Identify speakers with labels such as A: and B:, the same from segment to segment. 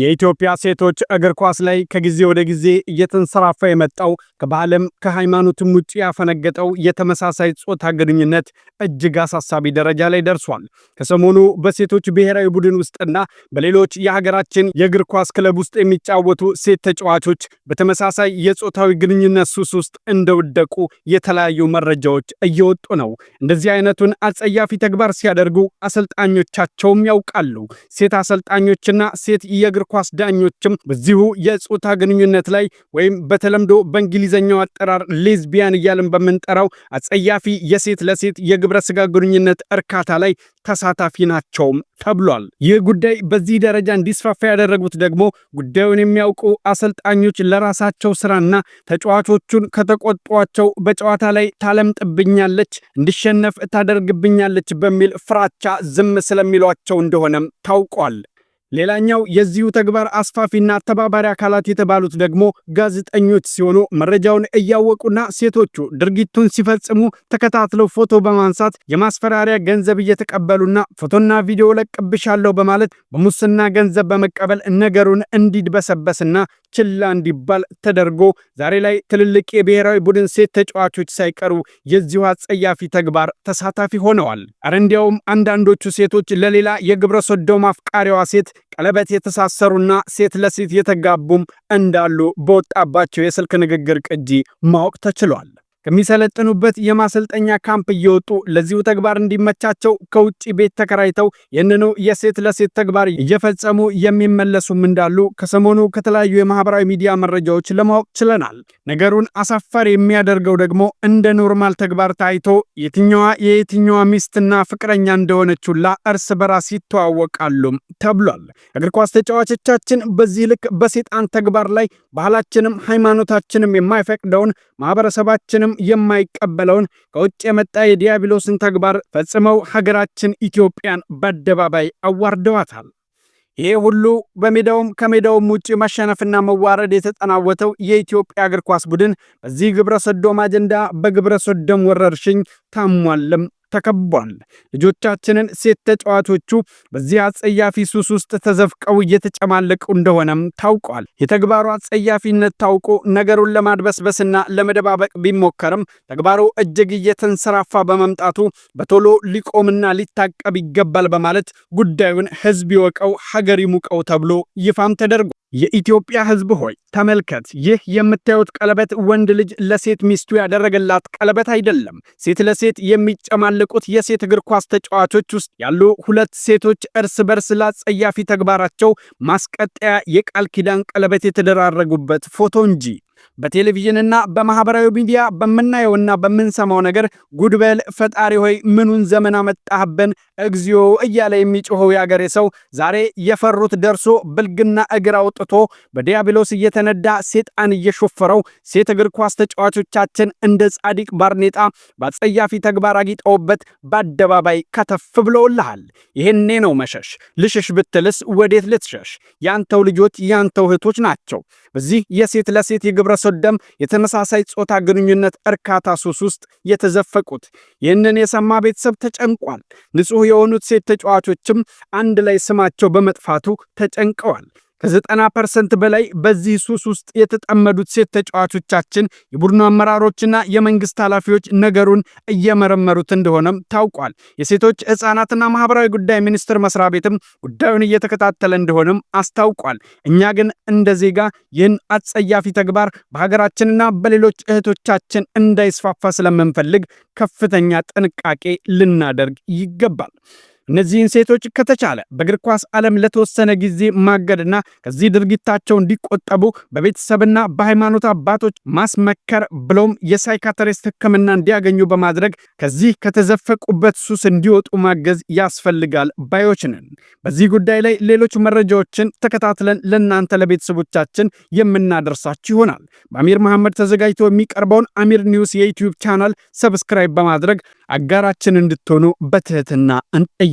A: የኢትዮጵያ ሴቶች እግር ኳስ ላይ ከጊዜ ወደ ጊዜ እየተንሰራፋ የመጣው ከባህልም ከሃይማኖትም ውጭ ያፈነገጠው የተመሳሳይ ጾታ ግንኙነት እጅግ አሳሳቢ ደረጃ ላይ ደርሷል። ከሰሞኑ በሴቶች ብሔራዊ ቡድን ውስጥና በሌሎች የሀገራችን የእግር ኳስ ክለብ ውስጥ የሚጫወቱ ሴት ተጫዋቾች በተመሳሳይ የጾታዊ ግንኙነት ሱስ ውስጥ እንደወደቁ የተለያዩ መረጃዎች እየወጡ ነው። እንደዚህ አይነቱን አጸያፊ ተግባር ሲያደርጉ አሰልጣኞቻቸውም ያውቃሉ። ሴት አሰልጣኞችና ሴት የእግር የእግር ኳስ ዳኞችም በዚሁ የጾታ ግንኙነት ላይ ወይም በተለምዶ በእንግሊዘኛው አጠራር ሌዝቢያን እያልን በምንጠራው አጸያፊ የሴት ለሴት የግብረ ስጋ ግንኙነት እርካታ ላይ ተሳታፊ ናቸውም ተብሏል። ይህ ጉዳይ በዚህ ደረጃ እንዲስፋፋ ያደረጉት ደግሞ ጉዳዩን የሚያውቁ አሰልጣኞች ለራሳቸው ስራና ተጫዋቾቹን ከተቆጧቸው በጨዋታ ላይ ታለምጥብኛለች፣ እንድሸነፍ ታደርግብኛለች በሚል ፍራቻ ዝም ስለሚሏቸው እንደሆነም ታውቋል። ሌላኛው የዚሁ ተግባር አስፋፊና ተባባሪ አካላት የተባሉት ደግሞ ጋዜጠኞች ሲሆኑ መረጃውን እያወቁና ሴቶቹ ድርጊቱን ሲፈጽሙ ተከታትለው ፎቶ በማንሳት የማስፈራሪያ ገንዘብ እየተቀበሉና ፎቶና ቪዲዮ ለቅብሻለሁ በማለት በሙስና ገንዘብ በመቀበል ነገሩን እንዲድበሰበስና ችላ እንዲባል ተደርጎ ዛሬ ላይ ትልልቅ የብሔራዊ ቡድን ሴት ተጫዋቾች ሳይቀሩ የዚሁ አጸያፊ ተግባር ተሳታፊ ሆነዋል። አረ እንዲያውም አንዳንዶቹ ሴቶች ለሌላ የግብረ ሰዶም አፍቃሪዋ ሴት ቀለበት የተሳሰሩና ሴት ለሴት የተጋቡም እንዳሉ በወጣባቸው የስልክ ንግግር ቅጂ ማወቅ ተችሏል። ከሚሰለጥኑበት የማሰልጠኛ ካምፕ እየወጡ ለዚሁ ተግባር እንዲመቻቸው ከውጭ ቤት ተከራይተው ይህንኑ የሴት ለሴት ተግባር እየፈጸሙ የሚመለሱም እንዳሉ ከሰሞኑ ከተለያዩ የማህበራዊ ሚዲያ መረጃዎች ለማወቅ ችለናል። ነገሩን አሳፋሪ የሚያደርገው ደግሞ እንደ ኖርማል ተግባር ታይቶ የትኛዋ የየትኛዋ ሚስትና ፍቅረኛ እንደሆነች እርስ በራስ ይተዋወቃሉም ተብሏል። እግር ኳስ ተጫዋቾቻችን በዚህ ልክ በሴጣን ተግባር ላይ ባህላችንም ሃይማኖታችንም የማይፈቅደውን ማህበረሰባችንም የማይቀበለውን ከውጭ የመጣ የዲያብሎስን ተግባር ፈጽመው ሀገራችን ኢትዮጵያን በአደባባይ አዋርደዋታል። ይህ ሁሉ በሜዳውም ከሜዳውም ውጭ መሸነፍና መዋረድ የተጠናወተው የኢትዮጵያ እግር ኳስ ቡድን በዚህ ግብረ ሰዶም አጀንዳ በግብረ ሰዶም ወረርሽኝ ታሟልም ተከቧል። ልጆቻችንን ሴት ተጫዋቾቹ በዚህ አጸያፊ ሱስ ውስጥ ተዘፍቀው እየተጨማለቁ እንደሆነም ታውቋል። የተግባሩ አጸያፊነት ታውቆ ነገሩን ለማድበስበስና ለመደባበቅ ቢሞከርም ተግባሩ እጅግ እየተንሰራፋ በመምጣቱ በቶሎ ሊቆምና ሊታቀብ ይገባል በማለት ጉዳዩን ህዝብ ይወቀው፣ ሀገር ይሙቀው ተብሎ ይፋም ተደርጓል። የኢትዮጵያ ሕዝብ ሆይ ተመልከት፣ ይህ የምታዩት ቀለበት ወንድ ልጅ ለሴት ሚስቱ ያደረገላት ቀለበት አይደለም። ሴት ለሴት የሚጨማለቁት የሴት እግር ኳስ ተጫዋቾች ውስጥ ያሉ ሁለት ሴቶች እርስ በርስ ላጸያፊ ተግባራቸው ማስቀጠያ የቃል ኪዳን ቀለበት የተደራረጉበት ፎቶ እንጂ በቴሌቪዥንና በማህበራዊ ሚዲያ በምናየውና በምንሰማው ነገር ጉድበል ፈጣሪ ሆይ ምኑን ዘመን አመጣህብን እግዚኦ እያለ የሚጮኸው የአገሬ ሰው ዛሬ የፈሩት ደርሶ ብልግና እግር አውጥቶ በዲያብሎስ እየተነዳ ሴጣን እየሾፈረው ሴት እግር ኳስ ተጫዋቾቻችን እንደ ጻዲቅ ባርኔጣ በጸያፊ ተግባር አጊጠውበት በአደባባይ ከተፍ ብለውልሃል። ይህኔ ነው መሸሽ። ልሽሽ ብትልስ ወዴት ልትሸሽ? ያንተው ልጆች ያንተው እህቶች ናቸው። በዚህ የሴት ለሴት ግብረ የተመሳሳይ ጾታ ግንኙነት እርካታ ሱስ ውስጥ የተዘፈቁት። ይህንን የሰማ ቤተሰብ ተጨንቋል። ንጹሕ የሆኑት ሴት ተጫዋቾችም አንድ ላይ ስማቸው በመጥፋቱ ተጨንቀዋል። ከዘጠና ፐርሰንት በላይ በዚህ ሱስ ውስጥ የተጠመዱት ሴት ተጫዋቾቻችን የቡድኑ አመራሮችና የመንግስት ኃላፊዎች ነገሩን እየመረመሩት እንደሆነም ታውቋል። የሴቶች ህፃናትና ማህበራዊ ጉዳይ ሚኒስቴር መስሪያ ቤትም ጉዳዩን እየተከታተለ እንደሆነም አስታውቋል። እኛ ግን እንደ ዜጋ ይህን አጸያፊ ተግባር በሀገራችንና በሌሎች እህቶቻችን እንዳይስፋፋ ስለምንፈልግ ከፍተኛ ጥንቃቄ ልናደርግ ይገባል። እነዚህን ሴቶች ከተቻለ በእግር ኳስ ዓለም ለተወሰነ ጊዜ ማገድና ከዚህ ድርጊታቸው እንዲቆጠቡ በቤተሰብና በሃይማኖት አባቶች ማስመከር ብሎም የሳይካተሪስት ሕክምና እንዲያገኙ በማድረግ ከዚህ ከተዘፈቁበት ሱስ እንዲወጡ ማገዝ ያስፈልጋል ባዮች ነን። በዚህ ጉዳይ ላይ ሌሎች መረጃዎችን ተከታትለን ለእናንተ ለቤተሰቦቻችን የምናደርሳችሁ ይሆናል። በአሚር መሐመድ ተዘጋጅቶ የሚቀርበውን አሚር ኒውስ የዩትዩብ ቻናል ሰብስክራይብ በማድረግ አጋራችን እንድትሆኑ በትህትና እንጠይቃለን።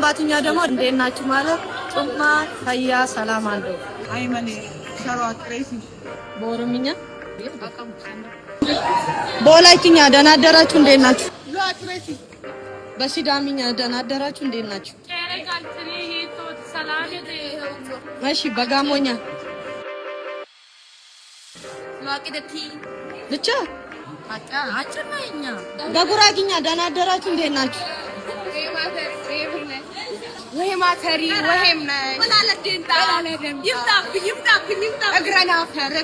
B: ከንባትኛ ደግሞ እንዴት ናችሁ ማለት ጡማ ፈያ ሰላም አለው
C: አይመኔ ሸሯ ትሬሲ
B: በኦሮምኛ በወላይትኛ ደህና አደራችሁ እንዴት ናችሁ? በሲዳምኛ ደህና አደራችሁ እንዴት ናችሁ? እሺ በጋሞኛ ብቻ በጉራጊኛ ደህና አደራችሁ እንዴት ናችሁ? ወይ ማተሪ ወይም ነሽ
D: ይምጣብኝ ይምጣብኝ ይምጣብኝ
B: እግረን አፈር